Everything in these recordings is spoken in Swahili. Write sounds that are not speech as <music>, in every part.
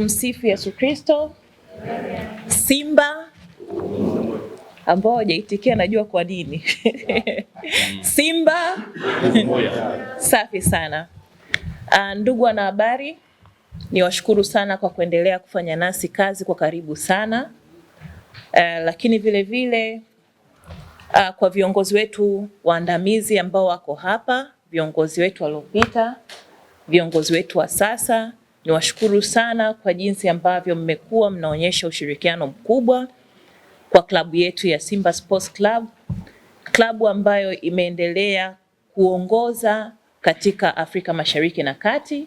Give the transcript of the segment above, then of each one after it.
Tumsifu Yesu Kristo. Simba ambao hawajaitikia najua kwa nini. <laughs> Simba safi sana. Uh, ndugu wanahabari, niwashukuru sana kwa kuendelea kufanya nasi kazi kwa karibu sana. Uh, lakini vile vile uh, kwa viongozi wetu waandamizi ambao wako hapa, viongozi wetu waliopita, viongozi wetu wa sasa Niwashukuru sana kwa jinsi ambavyo mmekuwa mnaonyesha ushirikiano mkubwa kwa klabu yetu ya Simba Sports Club, klabu ambayo imeendelea kuongoza katika Afrika Mashariki na Kati,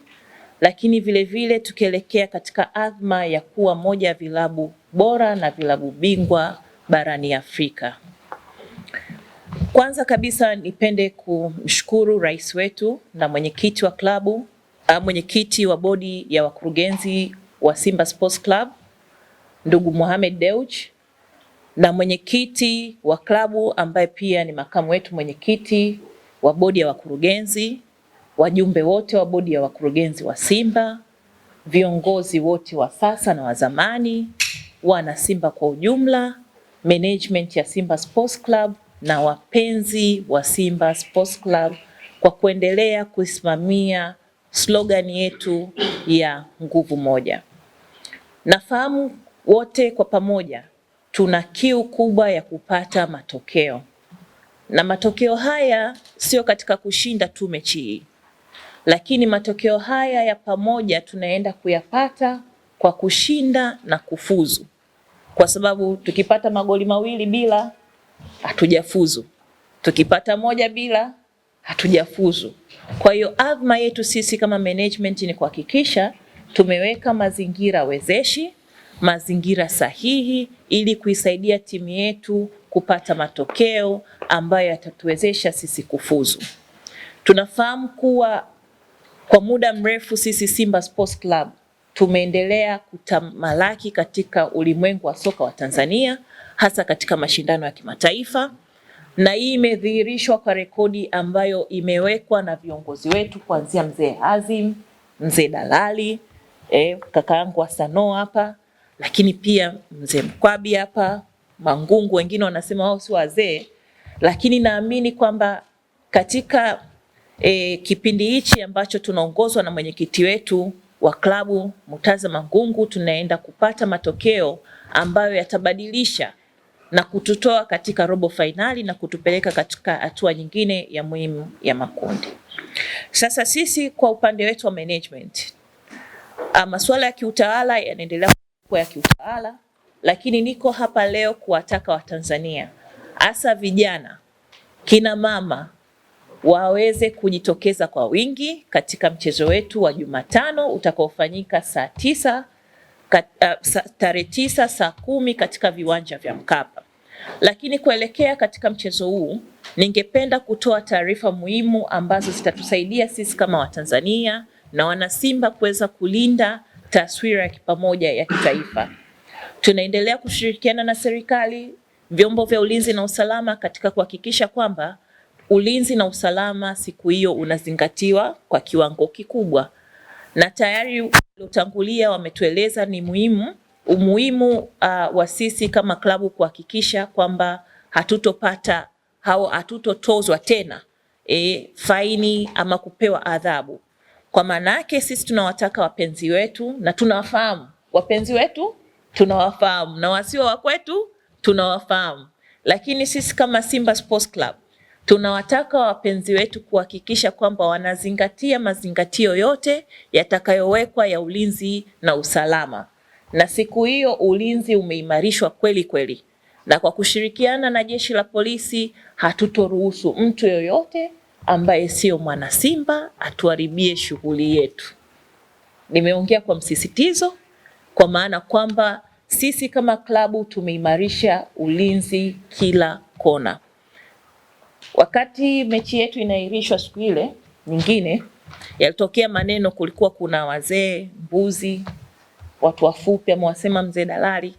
lakini vile vile tukielekea katika adhma ya kuwa moja ya vilabu bora na vilabu bingwa barani Afrika. Kwanza kabisa nipende kumshukuru rais wetu na mwenyekiti wa klabu Ah, mwenyekiti wa bodi ya wakurugenzi wa Simba Sports Club ndugu Mohamed Deuch na mwenyekiti wa klabu ambaye pia ni makamu wetu mwenyekiti wa bodi ya wakurugenzi, wajumbe wote wa bodi ya wakurugenzi wa Simba, viongozi wote wa sasa na wa zamani, wana Simba kwa ujumla, management ya Simba Sports Club na wapenzi wa Simba Sports Club kwa kuendelea kusimamia slogan yetu ya nguvu moja. Nafahamu wote kwa pamoja tuna kiu kubwa ya kupata matokeo, na matokeo haya sio katika kushinda tu mechi hii, lakini matokeo haya ya pamoja tunaenda kuyapata kwa kushinda na kufuzu, kwa sababu tukipata magoli mawili bila hatujafuzu, tukipata moja bila hatujafuzu. Kwa hiyo azma yetu sisi kama management ni kuhakikisha tumeweka mazingira wezeshi, mazingira sahihi ili kuisaidia timu yetu kupata matokeo ambayo yatatuwezesha sisi kufuzu. Tunafahamu kuwa kwa muda mrefu sisi Simba Sports Club tumeendelea kutamalaki katika ulimwengu wa soka wa Tanzania hasa katika mashindano ya kimataifa na hii imedhihirishwa kwa rekodi ambayo imewekwa na viongozi wetu kuanzia mzee Azim, mzee Dalali, eh, kaka yangu Asano hapa, lakini pia mzee Mkwabi hapa Mangungu, wengine wanasema wao si wazee, lakini naamini kwamba katika eh, kipindi hichi ambacho tunaongozwa na mwenyekiti wetu wa klabu Mutaza Mangungu tunaenda kupata matokeo ambayo yatabadilisha na kututoa katika robo fainali na kutupeleka katika hatua nyingine ya muhimu ya makundi. Sasa sisi kwa upande wetu wa management, ah, masuala ya kiutawala yanaendelea kuwa ya kiutawala, lakini niko hapa leo kuwataka Watanzania hasa vijana, kina mama waweze kujitokeza kwa wingi katika mchezo wetu wa Jumatano utakaofanyika saa tisa ah, tarehe tisa saa kumi katika viwanja vya Mkapa. Lakini kuelekea katika mchezo huu, ningependa kutoa taarifa muhimu ambazo zitatusaidia sisi kama Watanzania na wanasimba kuweza kulinda taswira ya pamoja ya kitaifa. Tunaendelea kushirikiana na serikali, vyombo vya ulinzi na usalama katika kuhakikisha kwamba ulinzi na usalama siku hiyo unazingatiwa kwa kiwango kikubwa, na tayari waliotangulia wametueleza ni muhimu umuhimu uh, wa sisi kama klabu kuhakikisha kwamba hatutopata au hatutotozwa tena e, faini ama kupewa adhabu. Kwa maana yake sisi tunawataka wapenzi wetu na tunawafahamu wapenzi wetu, tunawafahamu na wasio wa kwetu tunawafahamu, lakini sisi kama Simba Sports Club tunawataka wapenzi wetu kuhakikisha kwamba wanazingatia mazingatio yote yatakayowekwa ya ulinzi na usalama na siku hiyo ulinzi umeimarishwa kweli kweli, na kwa kushirikiana na jeshi la polisi hatutoruhusu mtu yoyote ambaye sio mwana Simba atuharibie shughuli yetu. Nimeongea kwa msisitizo, kwa maana kwamba sisi kama klabu tumeimarisha ulinzi kila kona. Wakati mechi yetu inaahirishwa siku ile nyingine, yalitokea maneno, kulikuwa kuna wazee mbuzi watu wafupi, amewasema mzee dalali,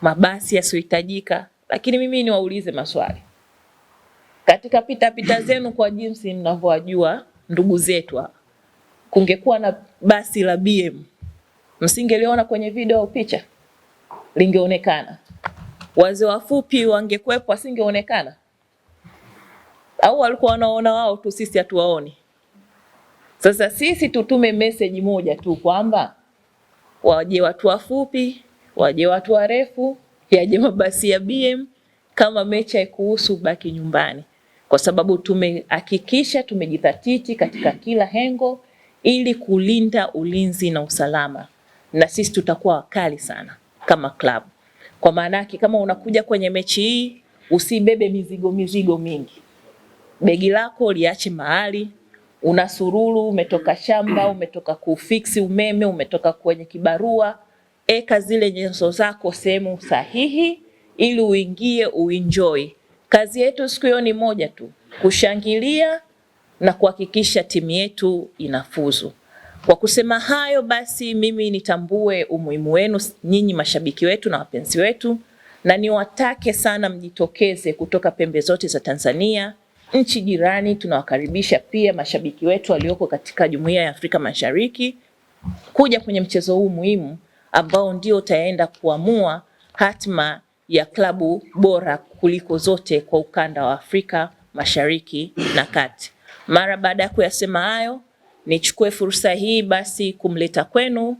mabasi yasiyohitajika. Lakini mimi niwaulize maswali katika pitapita <clears throat> zenu, kwa jinsi mnavyowajua ndugu zetu, kungekuwa na basi la BM msingeliona kwenye video au picha? Lingeonekana? wazee wafupi wangekuwepo, wasingeonekana? au walikuwa wanaona wao tu, sisi hatuwaoni? Sasa sisi tutume message moja tu kwamba waje watu wafupi, waje watu warefu, yaje mabasi ya BM, kama mechi haikuhusu baki nyumbani, kwa sababu tumehakikisha tumejidhatiti katika kila hengo ili kulinda ulinzi na usalama, na sisi tutakuwa wakali sana kama club. Kwa maana yake, kama unakuja kwenye mechi hii usibebe mizigo mizigo mingi, begi lako liache mahali unasururu, umetoka shamba, mm. umetoka kufiksi umeme, umetoka kwenye kibarua. Eka zile nyenzo zako sehemu sahihi, ili uingie uenjoy. Kazi yetu siku hiyo ni moja tu, kushangilia na kuhakikisha timu yetu inafuzu. Kwa kusema hayo basi, mimi nitambue umuhimu wenu nyinyi mashabiki wetu na wapenzi wetu, na niwatake sana mjitokeze kutoka pembe zote za Tanzania nchi jirani. Tunawakaribisha pia mashabiki wetu walioko katika Jumuiya ya Afrika Mashariki kuja kwenye mchezo huu muhimu ambao ndio utaenda kuamua hatima ya klabu bora kuliko zote kwa ukanda wa Afrika Mashariki na Kati. Mara baada ya kuyasema hayo, nichukue fursa hii basi kumleta kwenu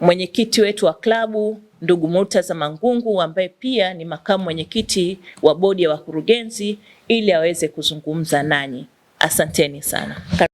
mwenyekiti wetu wa klabu ndugu Murtaza Mangungu ambaye pia ni makamu mwenyekiti wa bodi ya wakurugenzi ili aweze kuzungumza nanyi. Asanteni sana.